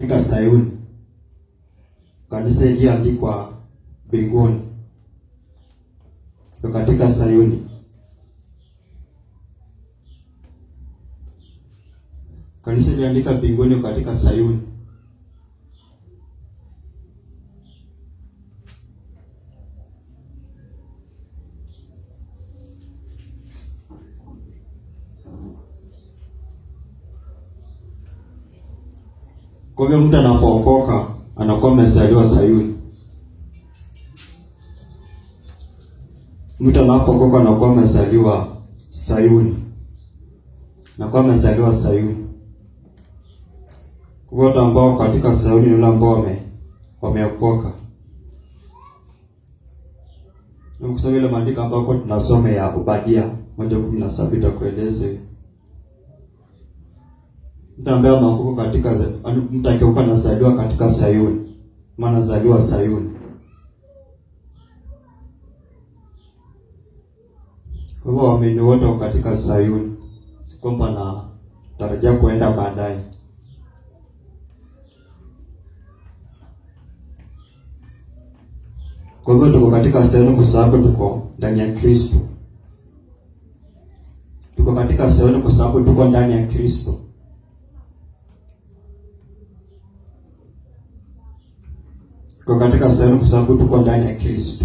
katika Sayuni, kanisa iliyoandikwa mbinguni, ndio katika Sayuni. Kanisa iliyoandika mbinguni katika Sayuni. Kwa hivyo mtu anapookoka anakuwa amezaliwa Sayuni. Mtu anapookoka anakuwa amezaliwa Sayuni, anakuwa amezaliwa Sayuni. Wote ambao katika Sayuni ni wale ambao wame- wameokoka. kusema ile maandiko ambayo tunasome ya Obadia moja kumi na saba itakueleza hiyo mtu ambaye ameokoka katika mtu akiokoka anazaliwa katika Sayuni, maana zaliwa Sayuni. Kwa hivyo waamini wote wako katika Sayuni, si kwamba na tarajia kuenda baadaye. Kwa hivyo tuko katika Sayuni kwa sababu tuko ndani ya Kristo. Tuko katika Sayuni kwa sababu tuko ndani ya Kristo. tuko katika sehemu, kwa sababu tuko ndani ya Kristo.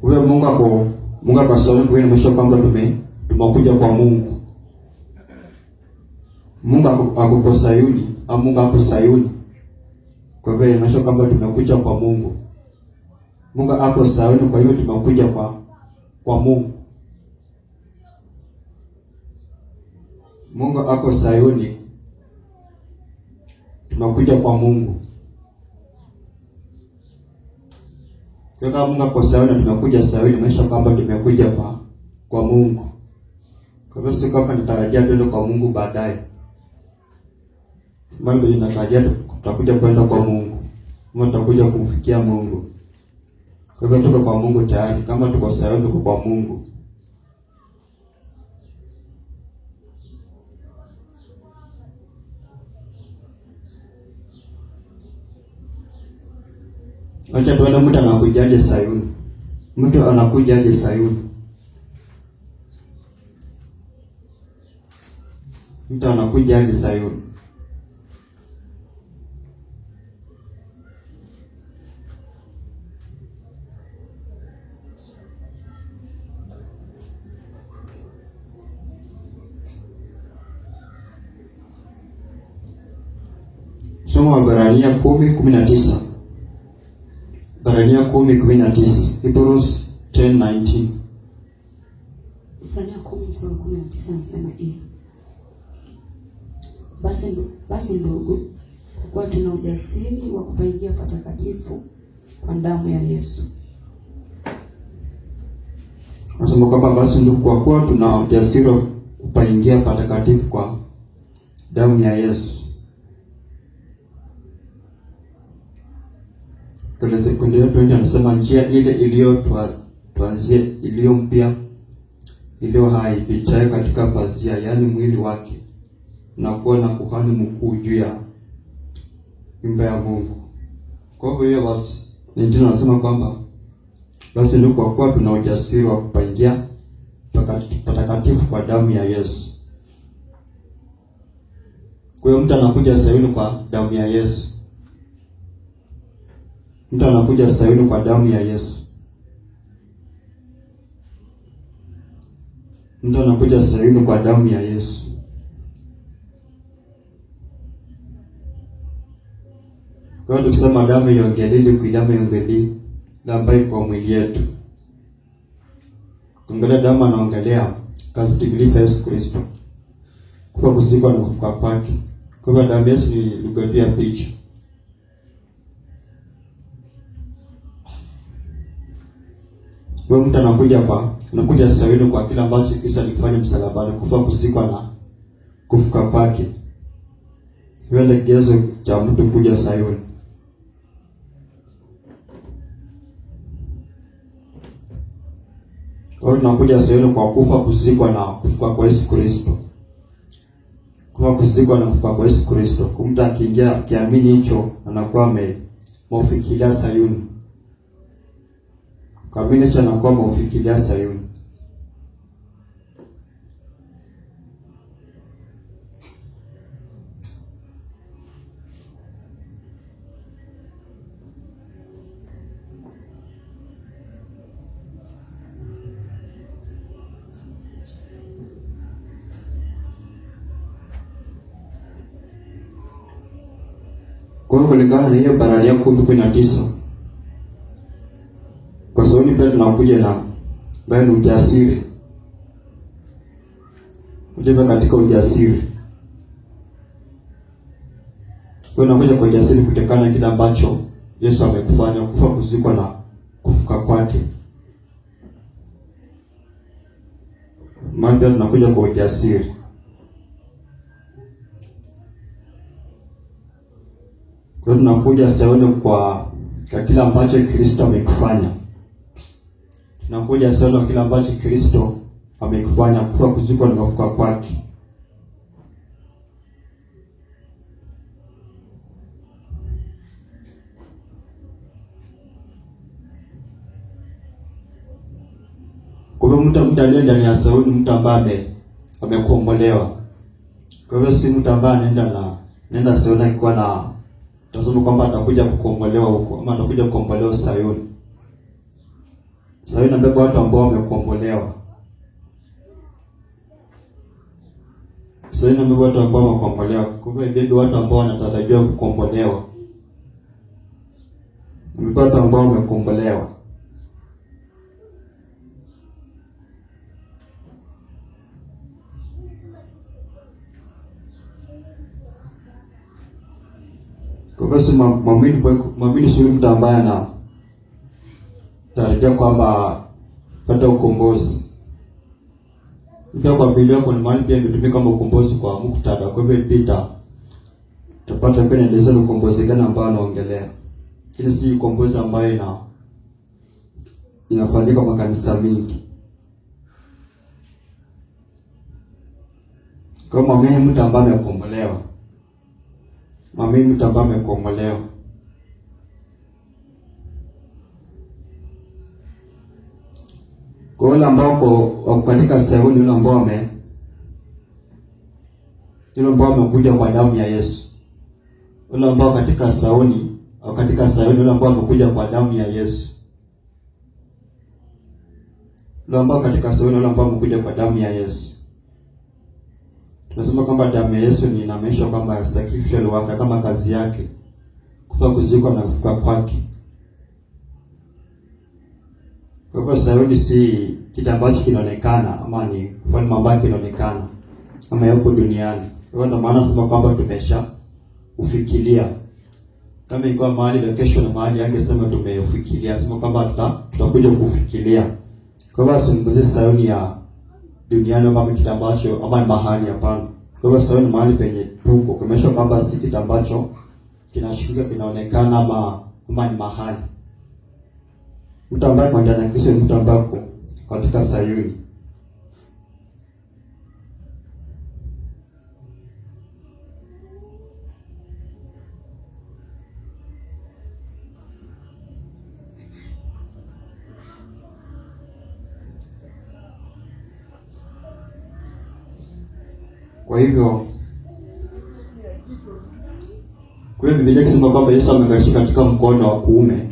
Huyo Mungu ako Mungu akasomesha kwamba tume tumekuja kwa Mungu. Mungu ako kwa Sayuni au Mungu ako Sayuni. Kwa hivyo inaonyesha kwamba tumekuja kwa Mungu. Mungu ako Sayuni, kwa hiyo tumekuja kwa kwa Mungu. Mungu ako Sayuni, tunakuja kwa Mungu. Kama Mungu ako Sayuni, tumekuja Sayuni, maisha kwamba tumekuja kwa kwa Mungu. Kwa hivyo si kama nitarajia tuende kwa Mungu baadaye, bali natarajia tutakuja kwenda kwa Mungu, tutakuja kumfikia Mungu. Kwa hivyo tuko kwa Mungu tayari, kama tuko sawa, tuko kwa Mungu. Wacha tuone mtu anakujaje Sayuni, mtu anakujaje Sayuni, mtu anakujaje Sayuni. Soma Waebrania kumi kumi na Waebrania Hebrews 10:19 Waebrania anasema hivi basi, basi ndugu, kwa kuwa tuna ujasiri wa kupaingia patakatifu kwa damu ya Yesu. kwamba basi ndugu, kwa kuwa tuna ujasiri wa kupaingia patakatifu kwa damu ya Yesu. Daudi anasema njia ile iliyo pazia iliyo mpya iliyo hai ipitayo katika pazia, yaani mwili wake, na kuwa na kuhani mkuu juu ya nyumba ya Mungu. Kwa hivyo basi ndio anasema kwamba basi ndio kwa kuwa tuna ujasiri wa kupangia patakatifu kwa damu ya Yesu. Kwa hiyo mtu anakuja sasa kwa damu ya Yesu Mtu anakuja Sayuni kwa damu ya Yesu. Mtu anakuja Sayuni kwa damu ya Yesu. Kwa hiyo tukisema damu yongelili kuidamu yongelili ambayo kwa mwili yetu kuangalia damu, anaongelea kazi timilifu Yesu Kristo, kufa, kuzikwa na kufuka kwake. Kwa hivyo damu Yesu ni lugha ya picha Wewe mtu anakuja kwa sasa sawili kwa kila ambacho Kristo alifanya msalabani, kufa kusikwa na kufuka kwake. Wewe kigezo cha mtu kuja Sayuni. hiyo tunakuja Sayuni kwa kufa kusikwa na kufuka kwa Yesu Kristo. Kwa kusikwa na kufuka kwa Yesu Kristo. Kumta akiingia akiamini hicho anakuwa ameufikilia Sayuni. Kamili cha nakuwa maufikilia Sayuni. Kwa hiyo kulingana na hiyo Baralia kumi kumi na tisa naye ni ujasiri. Ujebe katika ujasiri, wewe unakuja kwa ujasiri kutekana na kile ambacho Yesu amekufanya kufa, kuzikwa na kufuka kwake. Maana tunakuja kwa ujasiri kwa hiyo tunakuja Sayuni kwa kile ambacho Kristo amekufanya tunakuja sana kile ambacho Kristo amekifanya kwa kuzikwa na kufuka kwake. Kwa hivyo mtu aliye ndani ya Sauli mtu ambaye amekombolewa. Kwa hiyo si mtu ambaye anaenda na nenda Sayuni akiwa na tazama kwamba atakuja kukombolewa huko ama atakuja kukombolewa Sayuni. Sasa hivi nabeba watu ambao wamekombolewa. Sasa hivi nabeba watu ambao wamekombolewa. Kumbe ibebi watu ambao wanatarajiwa kukombolewa. Nabeba watu ambao wamekombolewa. Kwa si mwamini, mwamini sio mtu ambaye anao tarajia kwamba pata ukombozi pia. Kwa yako ni mahali pia imetumika kama ukombozi kwa muktada. kwa hivyo pita tapata pia naelezea ni ukombozi gani ambao anaongelea, ili si ukombozi ambayo ina inafanyika kwa kanisa mingi. Kwa mamii mtu ambaye amekombolewa, mamii mtu ambaye amekombolewa Kwa wale ambao wako katika Sayuni, wale ambao wame wale ambao wamekuja kwa damu ya Yesu, wale ambao katika Sayuni au katika Sayuni, wale ambao wamekuja kwa damu ya Yesu, wale ambao katika Sayuni, wale ambao wamekuja kwa damu ya Yesu. Tunasema kwamba damu ya Yesu ni inamaanisha kwamba sacrificial work, kama kazi yake kufa, kuzikwa na kufuka kwake. Kwa hivyo sasa hivi si kitu ambacho kinaonekana ama ni kwa ufalme ambayo kinaonekana ama yuko duniani. Kwa hivyo ndio maana sema kwamba tumesha ufikilia. Kama ingekuwa mahali location na mahali yake sema tumeufikilia, sema kwamba tuta, tutakuja kufikilia. Kwa hivyo sasa usimguze Sayuni ya duniani kama kitu ambacho ama ni mahali hapana. Kwa hivyo Sayuni mahali penye tuko kumesha kwamba si kitu ambacho kinashikika kinaonekana ama kama ni mahali mtu ambaye kwa ndani ya Kristo ni mtu ambako katika Sayuni. Kwa hivyo kwa hivyo Biblia ikisema kwamba Yesu amekashikia katika mkono wa kuume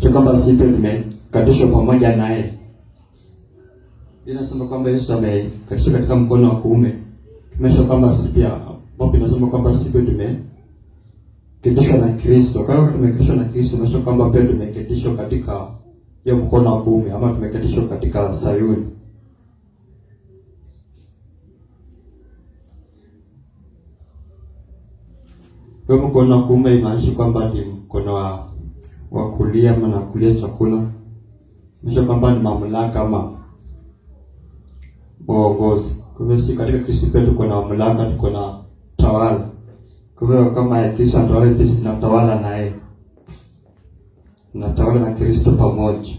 sio kwamba sisi pia tumekatishwa pamoja naye. Inasema kwamba Yesu amekatishwa katika mkono wa kuume, tumesha kwamba sisi pia inasema kwamba sipe pia tumeketishwa na Kristo. Kwa hiyo tumeketishwa na Kristo, tumesha kwamba pia tumeketishwa katika hiyo mkono wa kuume, ama tumeketishwa katika Sayuni. Kwa mkono wa kuume imaanisha kwamba ni mkono wa wa kulia ama na kulia chakula nisha kwamba ni mamlaka ama uongozi. Kwa hivyo si katika Kristo pia tuko na mamlaka, tuko na tawala. Kwa hivyo kama Kristo anatawala, pia tunatawala na yeye, tunatawala na Kristo pamoja.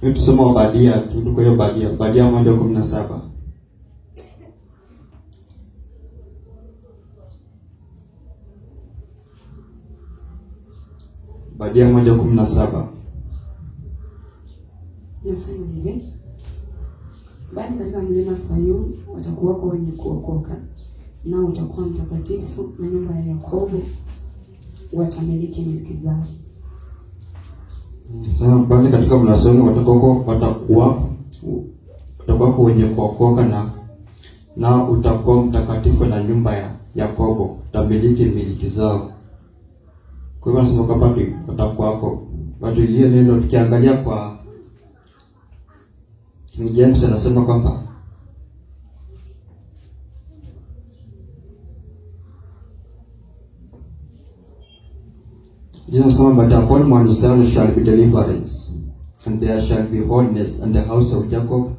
Hiyo tusema Obadia, tuko hiyo Obadia, Obadia moja kumi na saba. Badia moja kumi na saba nasema hivi, bali katika mlima Sayuni watakuwako wenye kuokoka, nao utakuwa mtakatifu, na nyumba ya Yakobo watamiliki milki zao. Sasa bali katika mlima Sayuni watakuwako watakuwa watakuwako wenye kuokoka, na na utakuwa mtakatifu, na nyumba ya Yakobo utamiliki milki zao. Kwa hivyo nasema kwamba ni yako. Bado hiyo neno tukiangalia kwa King James anasema kwamba Jesus anasema but upon Mount Zion shall be deliverance and there shall be holiness and the house of Jacob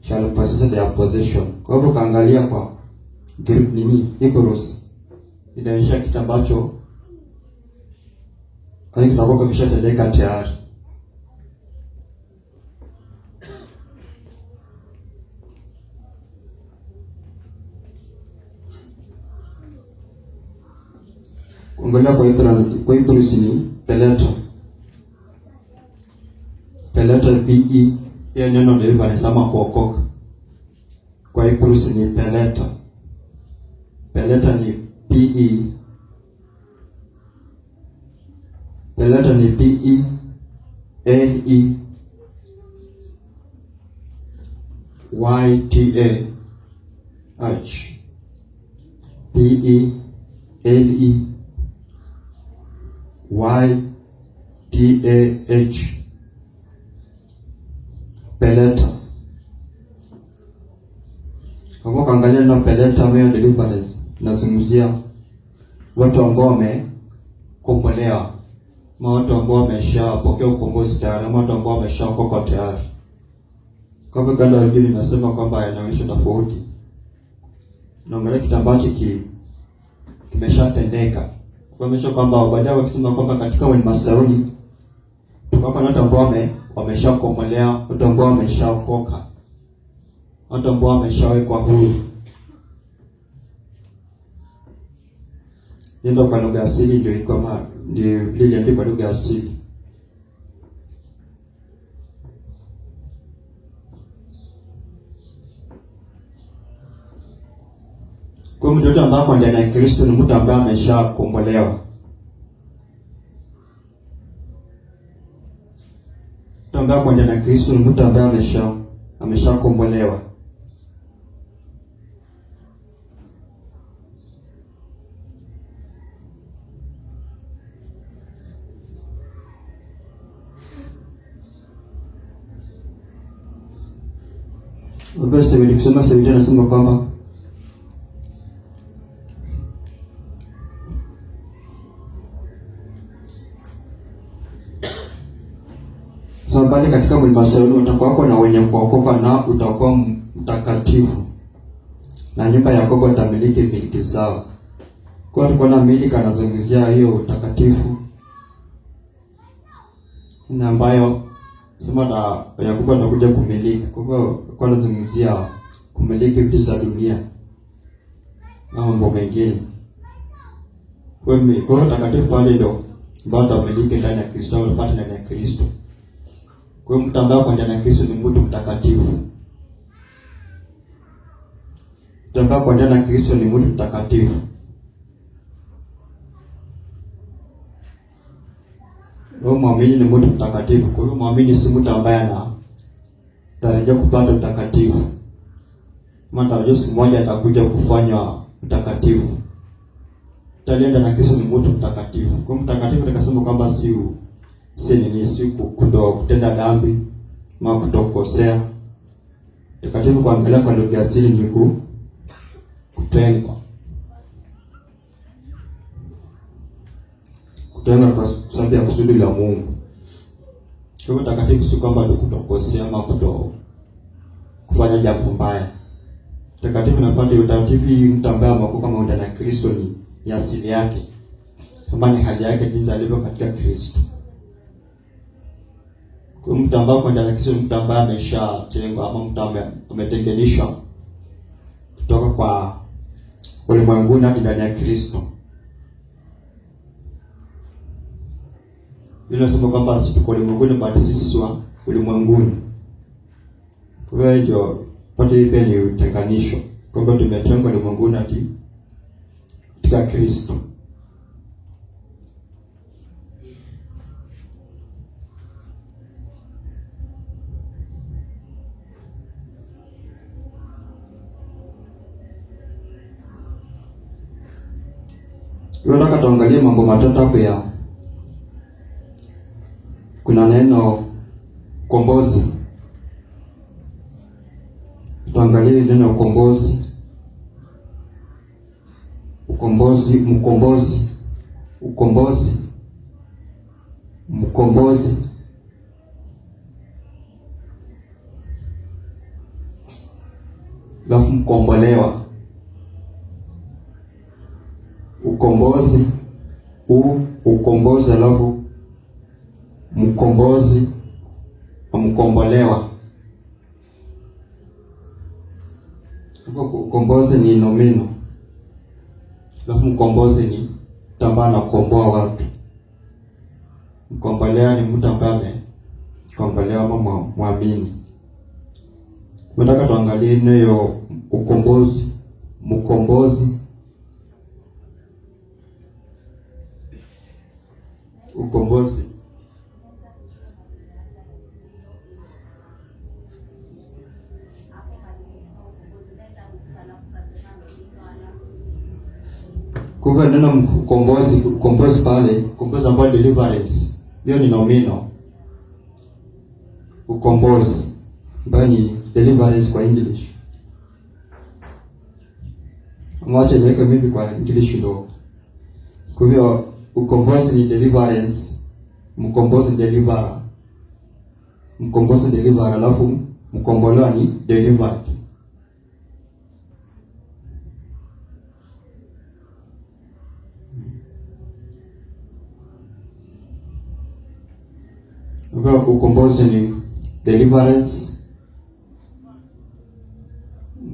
shall possess their possession. Kwa hivyo kaangalia kwa Greek nini Hebrews inaonyesha kitu ambacho lakini tunakuwa kimeshatendeka tayari. Kuongelea kwa kwa Ibrus ni peleto peleto, pe ya neno ndio hivyo anasema kuokoka. Kwa Ibrus ni peleto, peleto ni e, pe Abreviator ni e e Y T A e H T A H Peleta. Hapo kaangalia na peleta mwe deliverance, nazungumzia watu ambao wamekombolewa ma watu ambao wameshapokea ukombozi tayari, ama watu ambao wameshaokoka tayari. Kwa hivyo ganda inasema kwamba inaonyesha tofauti, naongelea kitu ambacho ki kimeshatendeka, kuonyesha kwamba baadaye wakisema kwamba katika wenye masauni tukapa na watu ambao wame wameshakomolea, watu ambao wameshaokoka, watu ambao wameshawekwa huru ndio kwa lugha asili ndio iko mara ndio liliandikwa lugha ya asili. Kwa mtoto ambaye kwa ndani ya Kristo ni mtu ambaye ameshakombolewa, mtu ambaye kwa ndani ya Kristo ni mtu ambaye amesha ameshakombolewa. ambayo kusema Biblia anasema kwamba sambali katika mlima Sayuni watakuwako na wenye kuokoka na utakuwa mtakatifu, na nyumba ya Yakobo itamiliki miliki zao. Kwa tulikuwa na miliki, anazungumzia hiyo utakatifu na ambayo somo yakuba Yakobo anakuja kumiliki. Kwa hivyo alikuwa anazungumzia kumiliki vitu za dunia na mambo mengine. Kwa hiyo takatifu pale ndio ambao atamiliki ndani ya Kristo au unapata ndani ya Kristo. Kwa hiyo mtu ambaye ndani ya Kristo ni mtu mtakatifu. Mtu ambaye ndani ya Kristo ni mtu mtakatifu. Wewe muamini ni mtu mtakatifu. Kwa hiyo muamini si mtu ambaye ana tarajia kupata utakatifu. Kama tarajia siku moja atakuja kufanywa mtakatifu. Talienda na kisu ni mtu mtakatifu. Kwa mtakatifu atakasema kwamba si si nini si kuto kutenda dhambi, ma kutokosea. Mtakatifu angalia kwa lugha asili ni kutengwa. tena kwa sababu ya kusudi la Mungu. Kwa hiyo takatifu si kwamba ni kutokosea ama kuto kufanya jambo mbaya. Takatifu napata utakatifu mtu ambaye amekuwa kama ndani ya Kristo ni asili yake. Kama ni hali yake jinsi alivyo katika Kristo. Kwa mtu ambaye kwa ndani ya Kristo ni mtu ambaye ameshajengwa ama mtu ambaye ametengenishwa kutoka kwa ulimwenguni hadi ndani ya Kristo. Inasema kwamba sisi tuko ulimwenguni bali sisi sio wa ulimwenguni. Kwa hiyo ndio pande hii ni utenganisho kwamba tumetengwa ulimwenguni ati katika Kristo. Tunataka tuangalie mambo matatu hapo ya kuna neno ukombozi. Tuangalie neno ukombozi. Ukombozi, mkombozi, ukombozi, mkombozi. Alafu mkombolewa, ukombozi, u ukombozi, alafu mkombozi na mkombolewa. Ukombozi ni nomino, alafu mkombozi ni mtu ambaye anakomboa watu. Mkombolewa ni mtu ambaye amekombolewa ama mwamini. Nataka tuangalie neno ukombozi, mkombozi ukombozi kumbuka neno mkombozi, kombozi pale, kombozi ambayo deliverance, hiyo ni nomino ukombozi, ambayo ni deliverance kwa English. Mwache niweke mimi kwa English ndo. Kwa hiyo ukombozi ni deliverance, mkombozi deliver, mkombozi deliver, alafu mkombolewa ni delivered ukombozi ni deliverance,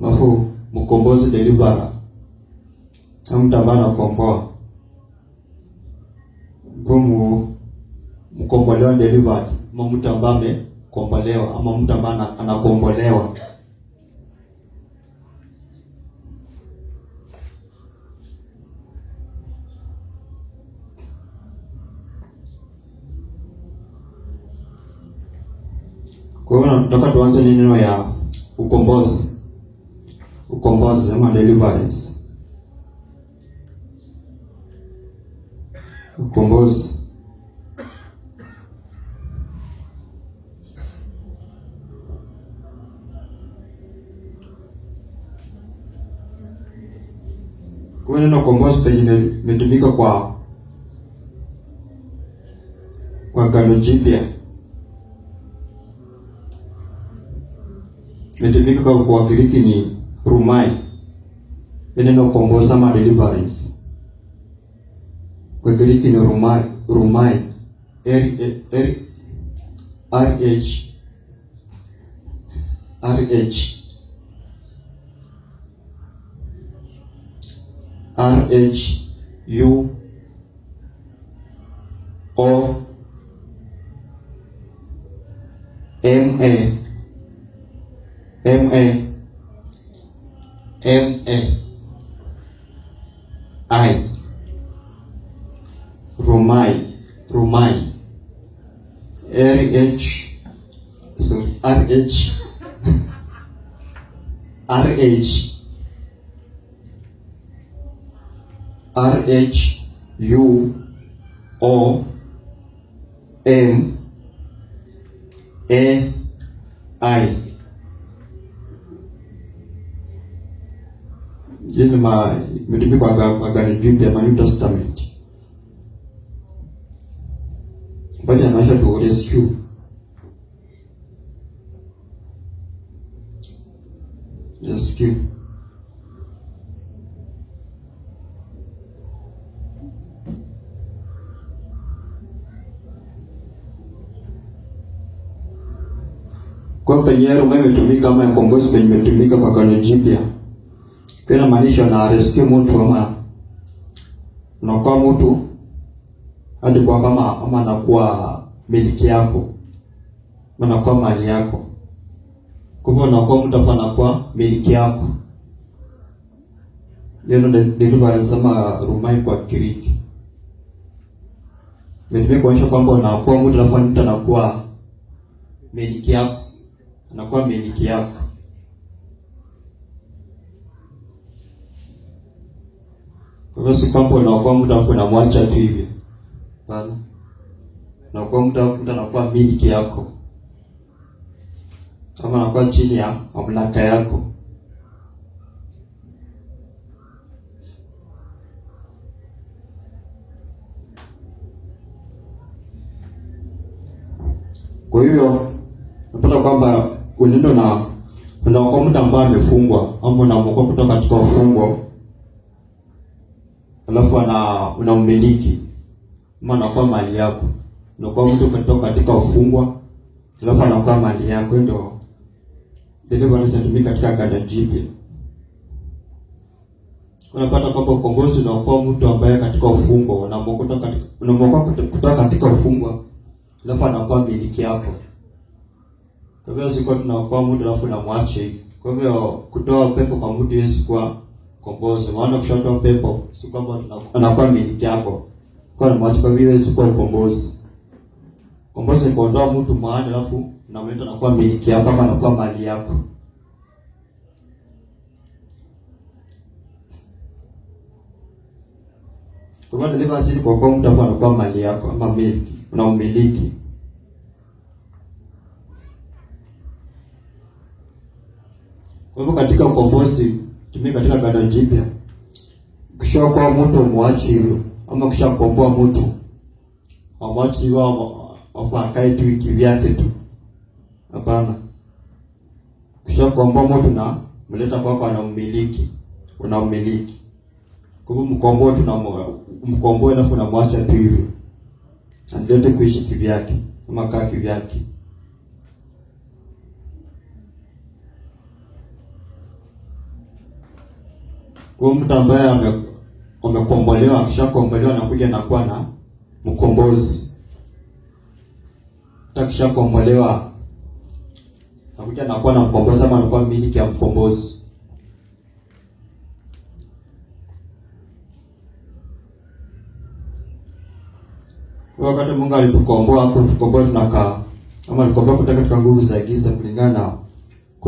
nafu mkombozi delivera mtu ambaye anakomboa mgumu mkombolewa delivered, ma mtu ambaye amekombolewa, ama mtu ambaye anakombolewa. kwanza ni neno ya ukombozi, ukombozi ama deliverance, ukombozi. Kwa neno ukombozi penye imetumika kwa kwa Agano Jipya Kilitumika kwa Wagiriki ni rumai, neno kuongoza ama deliverance. Kwa Kigiriki ni rumai, rumai r r r h r h r h u o m a RH sorry, RH RH RH U O N A I. Jina ma imetumikwa Agano Jipya, New Testament. Just keep kwa penye Roma imetumika ama Kombozi penye metumika kwa Agano Jipya, kena inamaanisha na rescue mtu ama kwa mtu hadi kwa kama ama kwa miliki yako, kwa mali yako kumbe unakuwa mtu afu anakuwa miliki yako. Hiyo ndivyo anasema rumai kwa Kiriki. Mimi kuonyesha kwamba unakuwa mtu afu mtu anakuwa miliki yako, anakuwa miliki yako. Kwa hivyo si kwamba unakuwa mtu afu unamwacha tu hivyo, hapana, unakuwa mtu afu mtu anakuwa miliki yako kama anakuwa chini ya mamlaka yako. Kwa hiyo napata kwamba unaenda na unaokoa mtu ambaye amefungwa ama unaokoa kutoka katika ufungo, alafu ana unaumiliki ama anakuwa mali yako, unaokoa mtu kutoka katika ufungwa alafu anakuwa mali yako, ndio Bwana anayetumika katika kanda jipya. Unapata kwamba ukombozi unaokoa mtu ambaye katika ufungwa, unamwokoa kutoka katika ufungwa, alafu anakuwa miliki yako. Kwa hivyo siko tunaokoa mtu alafu namwache. Kwa hivyo kutoa pepo kwa mtu Yesu kwa ukombozi, maana kushoto pepo si kwamba anakuwa miliki yako, kwa namwache. Kwa hivyo Yesu kwa ukombozi, ukombozi ni kuondoa mtu mahali alafu na mtu nakuwa miliki yako ama nakuwa mali yako. Kwa niliva asili kwa kwa mtu anakuwa mali yako ama miliki, na umiliki. Kwa hivyo katika ukombozi tumi katika gano jipya, kwa mtu muachi hivyo, ama kisha ukishakomboa mtu amwachi hivyo, wakae tu kivyake tu. Hapana. Ukishakomboa moto na mleta kwako, anaumiliki, unaumiliki. Kwa hivyo mkomboe, tuna mkomboe, na kuna mwacha tu hivi, andete kuishi kivyake kama kaa kivyake. Kwa mtu ambaye amekombolewa, akishakombolewa anakuja nakuwa na mkombozi, takishakombolewa nakuja nakuwa na mkombozi ama nakuwa mmiliki ya mkombozi. Kwa wakati Mungu hapo kutukomboa tunaka ama alikomboa kutoka katika nguvu za giza kulingana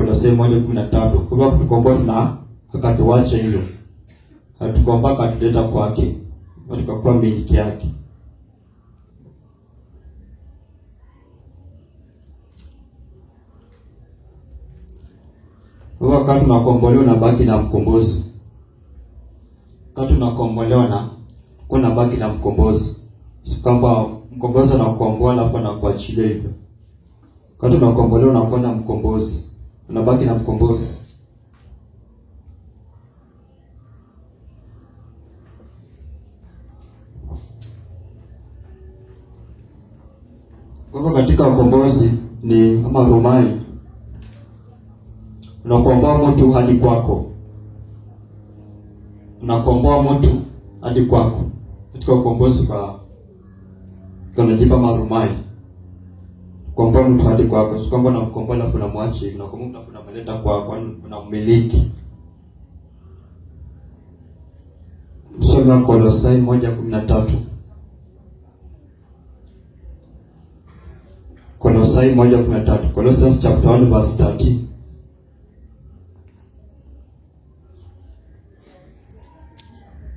na sehemu moja kumi na tatu. Kwa hivyo tukomboa tuna akatuacha hilo, atukomboa akatuleta kwake, tukakuwa miliki yake. wakati unakombolewa unabaki na mkombozi. Wakati unakombolewa na kuna baki na mkombozi, si kwamba mkombozi anakuomboa alafu anakuachilia hivyo. Wakati unakombolewa unakuwa na mkombozi, unabaki na mkombozi. Kwa katika ukombozi ni kama rumai unakomboa mtu hadi kwako, unakomboa mtu hadi kwako katika ukombozi kwa tunajipa marumai kukomboa mtu hadi kwako, si kwamba unamkomboa na kuna mwachi, unakomboa mtu kuna mleta kwako, unamiliki. Msomi wa Kolosai 1:13 Kolosai 1:13 Colossians chapter 1 verse 13